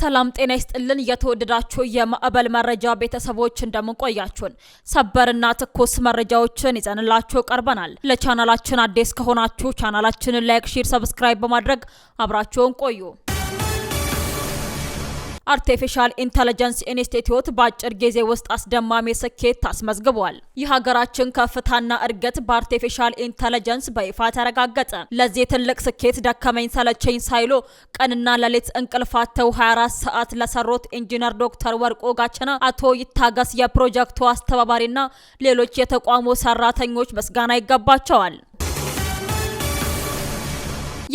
ሰላም ጤና ይስጥልን። እየተወደዳችሁ የማዕበል መረጃ ቤተሰቦች እንደምንቆያችሁን ሰበርና ትኩስ መረጃዎችን ይዘንላችሁ ቀርበናል። ለቻናላችን አዲስ ከሆናችሁ ቻናላችንን ላይክ፣ ሼር ሰብስክራይብ በማድረግ አብራችሁን ቆዩ። አርቲፊሻል ኢንተለጀንስ ኢንስቲትዩት በአጭር ጊዜ ውስጥ አስደማሚ ስኬት አስመዝግቧል። የሀገራችን ከፍታና እድገት በአርቲፊሻል ኢንተለጀንስ በይፋ ተረጋገጠ። ለዚህ ትልቅ ስኬት ደከመኝ ሰለቸኝ ሳይሉ ቀንና ሌሊት እንቅልፋተው 24 ሰዓት ለሰሩት ኢንጂነር ዶክተር ወርቆ ጋችና፣ አቶ ይታገስ የፕሮጀክቱ አስተባባሪና ሌሎች የተቋሙ ሰራተኞች ምስጋና ይገባቸዋል።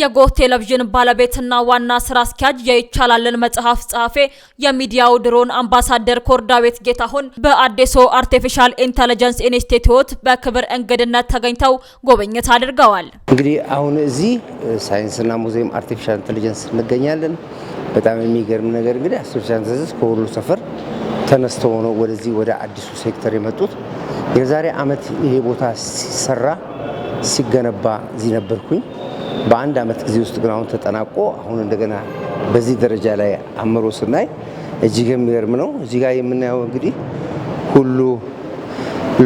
የጎህ ቴሌቪዥን ባለቤትና ዋና ስራ አስኪያጅ የይቻላልን መጽሐፍ ጸሐፌ የሚዲያው ድሮን አምባሳደር ኮርዳቤት ጌታሁን በአዲሱ አርቲፊሻል ኢንተለጀንስ ኢንስቲትዩት በክብር እንግድነት ተገኝተው ጉብኝት አድርገዋል። እንግዲህ አሁን እዚህ ሳይንስና ሙዚየም አርቲፊሻል ኢንተለጀንስ እንገኛለን። በጣም የሚገርም ነገር እንግዲህ አርቲፊሻል ኢንተለጀንስ ከሁሉ ሰፈር ተነስተ ሆኖ ወደዚህ ወደ አዲሱ ሴክተር የመጡት የዛሬ አመት ይሄ ቦታ ሲሰራ ሲገነባ እዚህ ነበርኩኝ። በአንድ አመት ጊዜ ውስጥ ግን አሁን ተጠናቆ አሁን እንደገና በዚህ ደረጃ ላይ አምሮ ስናይ እጅግ የሚገርም ነው። እዚህ ጋር የምናየው እንግዲህ ሁሉ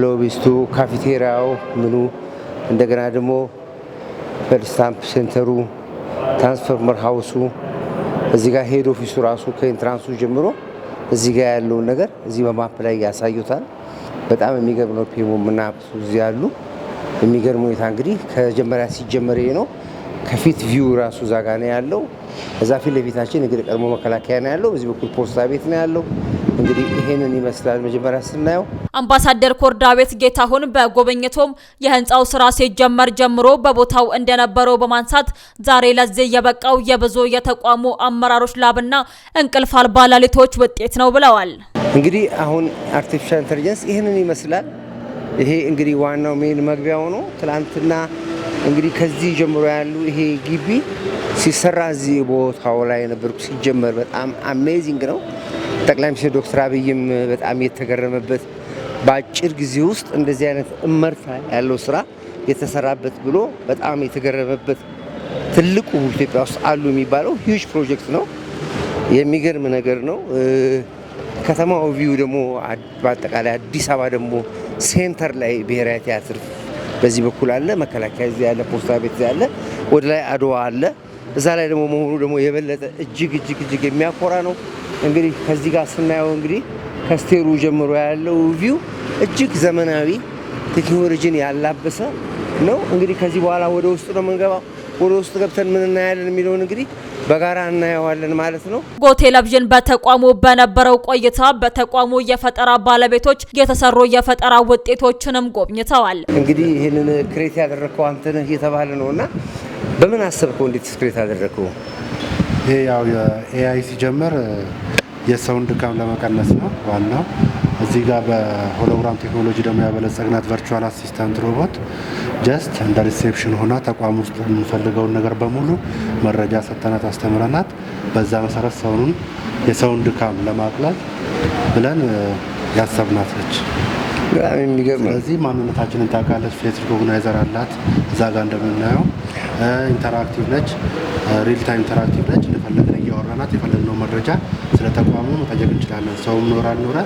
ሎቢስቱ፣ ካፌቴሪያው፣ ምኑ እንደገና ደግሞ በስታምፕ ሴንተሩ፣ ትራንስፎርመር ሀውሱ እዚህ ጋር ሄድ ኦፊሱ ራሱ ከኢንትራንሱ ጀምሮ እዚህ ጋር ያለውን ነገር እዚህ በማፕ ላይ ያሳዩታል። በጣም የሚገርም ነው። ፔሞ ምናሱ እዚህ ያሉ የሚገርም ሁኔታ እንግዲህ ከጀመሪያ ሲጀመር ነው። ከፊት ቪው ራሱ እዛ ጋ ነው ያለው። እዛ ፊት ለፊታችን እንግዲህ ቀድሞ መከላከያ ነው ያለው፣ በዚህ በኩል ፖስታ ቤት ነው ያለው። እንግዲህ ይሄንን ይመስላል መጀመሪያ ስናየው። አምባሳደር ኮርዳቤት ጌታሁን በጎበኘቶም የህንፃው ስራ ሲጀመር ጀምሮ በቦታው እንደነበረው በማንሳት ዛሬ ለዚህ የበቃው የብዙ የተቋሙ አመራሮች ላብና እንቅልፍ አልባ ሌሊቶች ውጤት ነው ብለዋል። እንግዲህ አሁን አርቲፊሻል ኢንተለጀንስ ይህንን ይመስላል። ይሄ እንግዲህ ዋናው ሜን መግቢያው ነው። ትላንትና እንግዲህ ከዚህ ጀምሮ ያሉ ይሄ ግቢ ሲሰራ እዚህ ቦታው ላይ ነበርኩ። ሲጀመር በጣም አሜዚንግ ነው። ጠቅላይ ሚኒስትር ዶክተር አብይም በጣም የተገረመበት በአጭር ጊዜ ውስጥ እንደዚህ አይነት እመርታ ያለው ስራ የተሰራበት ብሎ በጣም የተገረመበት ትልቁ ኢትዮጵያ ውስጥ አሉ የሚባለው ሂውጅ ፕሮጀክት ነው። የሚገርም ነገር ነው። ከተማው ቪው ደግሞ በአጠቃላይ አዲስ አበባ ደግሞ ሴንተር ላይ ብሔራዊ ቲያትር በዚህ በኩል አለ መከላከያ እዚህ ያለ ፖስታ ቤት እዚህ ያለ ወደ ላይ አድዋ አለ። እዛ ላይ ደግሞ መሆኑ ደግሞ የበለጠ እጅግ እጅግ እጅግ የሚያኮራ ነው። እንግዲህ ከዚህ ጋር ስናየው እንግዲህ ከስቴሩ ጀምሮ ያለው ቪው እጅግ ዘመናዊ ቴክኖሎጂን ያላበሰ ነው። እንግዲህ ከዚህ በኋላ ወደ ውስጡ ነው የምንገባው። ወደ ውስጥ ገብተን ምን እናያለን የሚለውን እንግዲህ በጋራ እናየዋለን ማለት ነው። ጎ ቴሌቪዥን በተቋሙ በነበረው ቆይታ በተቋሙ የፈጠራ ባለቤቶች የተሰሩ የፈጠራ ውጤቶችንም ጎብኝተዋል። እንግዲህ ይህንን ክሬት ያደረግከው አንተ ነህ እየተባለ ነው እና በምን አሰብከው? እንዴት ስክሬት አደረግከው? ይሄ ያው የኤአይ ሲጀምር የሰውን ድካም ለመቀነስ ነው ዋናው። እዚህ ጋር በሆሎግራም ቴክኖሎጂ ደግሞ ያበለጸግናት ቨርቹዋል አሲስታንት ሮቦት ጀስት እንደ ሪሴፕሽን ሆና ተቋም ውስጥ የምንፈልገውን ነገር በሙሉ መረጃ ሰጥተናት አስተምረናት በዛ መሰረት ሰውን የሰውን ድካም ለማቅለል ብለን ያሰብናት ነች። ስለዚህ ማንነታችንን ታውቃለች። ፌስ ሪኮግናይዘር አላት እዛ ጋር እንደምናየው ኢንተራክቲቭ ነች። ሪል ታይም ኢንተራክቲቭ ነች። ለማጥናት የፈለግነው መረጃ ስለ ተቋሙ መጠየቅ እንችላለን። ሰውም ኖረ አልኖረ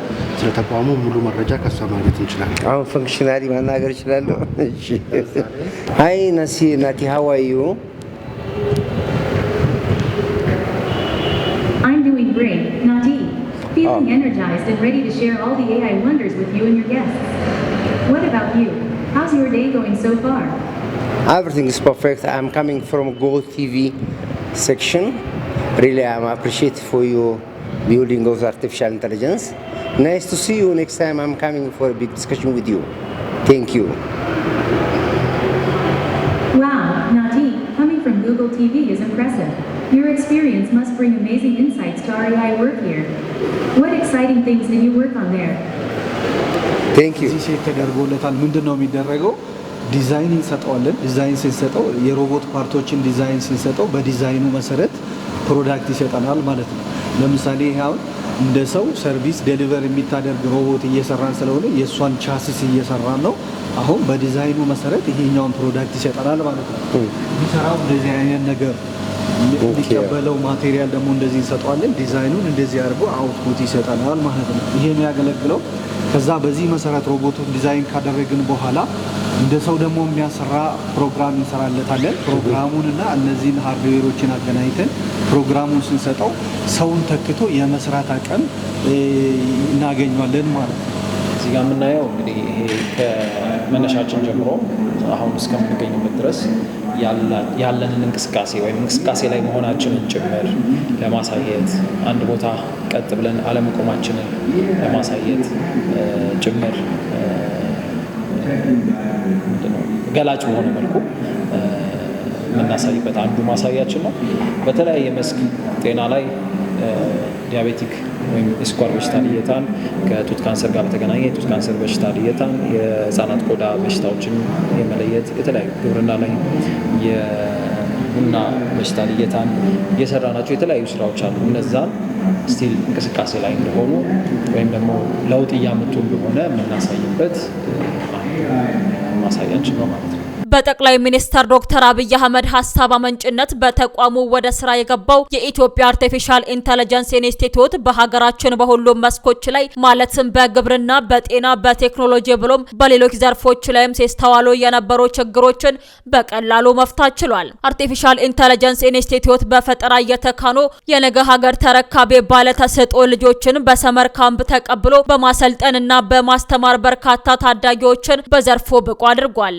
ስለ Feeling oh. energized and ready to share all the AI wonders with you and your guests. What about you? How's your day going so far? Everything is perfect. I'm coming from Go TV section really I'm appreciate for you building of artificial intelligence. Nice to see you next time I'm coming for a big discussion with you. Thank you. Wow, Nadi, coming from Google TV is impressive. Your experience must bring amazing insights to REI work here. What exciting things did you work on there? Thank you. እዚህ ሴት ተደርጎለታል። ምንድን ነው የሚደረገው? ዲዛይን እንሰጠዋለን። ዲዛይን ስንሰጠው የሮቦት ፓርቶችን ዲዛይን ስንሰጠው በዲዛይኑ መሰረት ፕሮዳክት ይሰጠናል ማለት ነው። ለምሳሌ ይሄ አሁን እንደ ሰው ሰርቪስ ደሊቨር የሚታደርግ ሮቦት እየሰራን ስለሆነ የእሷን ቻሲስ እየሰራን ነው። አሁን በዲዛይኑ መሰረት ይሄኛውን ፕሮዳክት ይሰጠናል ማለት ነው። የሚሰራው እንደዚህ አይነት ነገር የሚቀበለው ማቴሪያል ደግሞ እንደዚህ እንሰጠዋለን፣ ዲዛይኑን እንደዚህ አድርጎ አውትፑት ይሰጠናል ማለት ነው። ይሄ የሚያገለግለው ከዛ በዚህ መሰረት ሮቦቱን ዲዛይን ካደረግን በኋላ እንደ ሰው ደግሞ የሚያሰራ ፕሮግራም እንሰራለታለን። ፕሮግራሙን እና እነዚህን ሀርድዌሮችን አገናኝተን ፕሮግራሙን ስንሰጠው ሰውን ተክቶ የመስራት አቅም እናገኘዋለን ማለት ነው። እዚህ ጋር የምናየው እንግዲህ ይሄ ከመነሻችን ጀምሮ አሁን እስከምንገኝበት ድረስ ያለንን እንቅስቃሴ ወይም እንቅስቃሴ ላይ መሆናችንን ጭምር ለማሳየት አንድ ቦታ ቀጥ ብለን አለመቆማችንን ለማሳየት ጭምር ገላጭ በሆነ መልኩ የምናሳይበት አንዱ ማሳያችን ነው። በተለያየ መስክ ጤና ላይ ዲያቤቲክ ወይም የስኳር በሽታ ልየታን፣ ከጡት ካንሰር ጋር በተገናኘ የጡት ካንሰር በሽታ ልየታን፣ የህፃናት ቆዳ በሽታዎችን የመለየት የተለያዩ ግብርና ላይ የቡና በሽታ ልየታን ናቸው የተለያዩ ስራዎች አሉ። እነዛን ስቲል እንቅስቃሴ ላይ እንደሆኑ ወይም ደግሞ ለውጥ እያመጡ እንደሆነ የምናሳይበት ማሳያችን ነው ማለት ነው። በጠቅላይ ሚኒስተር ዶክተር አብይ አህመድ ሀሳብ አመንጭነት በተቋሙ ወደ ስራ የገባው የኢትዮጵያ አርቲፊሻል ኢንተለጀንስ ኢንስቲትዩት በሀገራችን በሁሉም መስኮች ላይ ማለትም በግብርና፣ በጤና፣ በቴክኖሎጂ ብሎም በሌሎች ዘርፎች ላይም ሲስተዋሉ የነበሩ ችግሮችን በቀላሉ መፍታት ችሏል። አርቲፊሻል ኢንተለጀንስ ኢንስቲትዩት በፈጠራ እየተካኑ የነገ ሀገር ተረካቢ ባለተሰጦ ልጆችን በሰመር ካምፕ ተቀብሎ በማሰልጠንና በማስተማር በርካታ ታዳጊዎችን በዘርፉ ብቁ አድርጓል።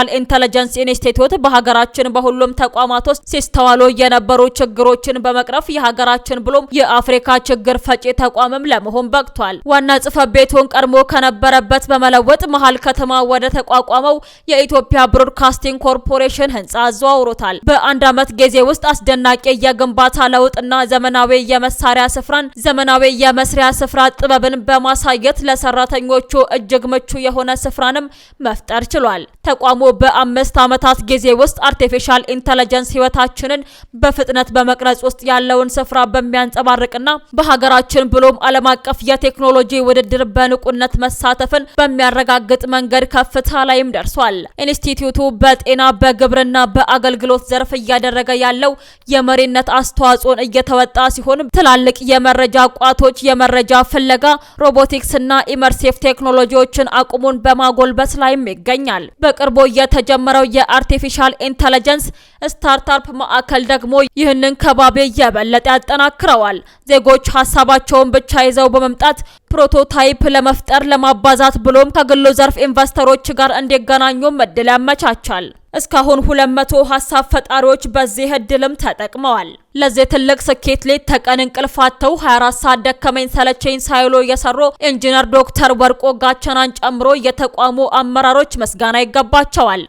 አርቲፊሻል ኢንተለጀንስ ኢንስቲትዩት በሀገራችን በሁሉም ተቋማት ውስጥ ሲስተዋሉ የነበሩ ችግሮችን በመቅረፍ የሀገራችን ብሎም የአፍሪካ ችግር ፈጪ ተቋምም ለመሆን በቅቷል። ዋና ጽሕፈት ቤቱን ቀድሞ ከነበረበት በመለወጥ መሀል ከተማ ወደ ተቋቋመው የኢትዮጵያ ብሮድካስቲንግ ኮርፖሬሽን ህንጻ አዘዋውሮታል። በአንድ ዓመት ጊዜ ውስጥ አስደናቂ የግንባታ ለውጥና ዘመናዊ የመሳሪያ ስፍራን ዘመናዊ የመስሪያ ስፍራ ጥበብን በማሳየት ለሰራተኞቹ እጅግ ምቹ የሆነ ስፍራንም መፍጠር ችሏል። ተቋሙ በአምስት ዓመታት ጊዜ ውስጥ አርቲፊሻል ኢንተለጀንስ ህይወታችንን በፍጥነት በመቅረጽ ውስጥ ያለውን ስፍራ በሚያንጸባርቅና በሀገራችን ብሎም ዓለም አቀፍ የቴክኖሎጂ ውድድር በንቁነት መሳተፍን በሚያረጋግጥ መንገድ ከፍታ ላይም ደርሷል። ኢንስቲትዩቱ በጤና በግብርና በአገልግሎት ዘርፍ እያደረገ ያለው የመሪነት አስተዋጽኦን እየተወጣ ሲሆን ትላልቅ የመረጃ ቋቶች የመረጃ ፍለጋ ሮቦቲክስ እና ኢመርሲቭ ቴክኖሎጂዎችን አቁሙን በማጎልበስ ላይም ይገኛል። በቅርቡ የተጀመረው የአርቲፊሻል ኢንተለጀንስ ስታርታፕ ማዕከል ደግሞ ይህንን ከባቢ የበለጠ ያጠናክረዋል። ዜጎች ሀሳባቸውን ብቻ ይዘው በመምጣት ፕሮቶታይፕ ለመፍጠር ለማባዛት ብሎም ከግሉ ዘርፍ ኢንቨስተሮች ጋር እንዲገናኙም እድል ያመቻቻል። እስካሁን 200 መቶ ሀሳብ ፈጣሪዎች በዚህ እድልም ተጠቅመዋል። ለዚህ ትልቅ ስኬት ሌት ተቀን እንቅልፋተው 24 ሰዓት ደከመኝ ሰለቸኝ ሳይሉ የሰሩ ኢንጂነር ዶክተር ወርቆ ጋቸናን ጨምሮ የተቋሙ አመራሮች ምስጋና ይገባቸዋል።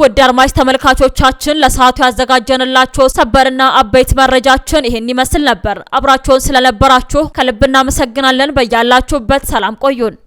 ውድ አድማጭ ተመልካቾቻችን ለሰዓቱ ያዘጋጀንላችሁ ሰበርና አበይት መረጃችን ይህን ይመስል ነበር። አብራችሁን ስለነበራችሁ ከልብ እናመሰግናለን። በያላችሁበት ሰላም ቆዩን።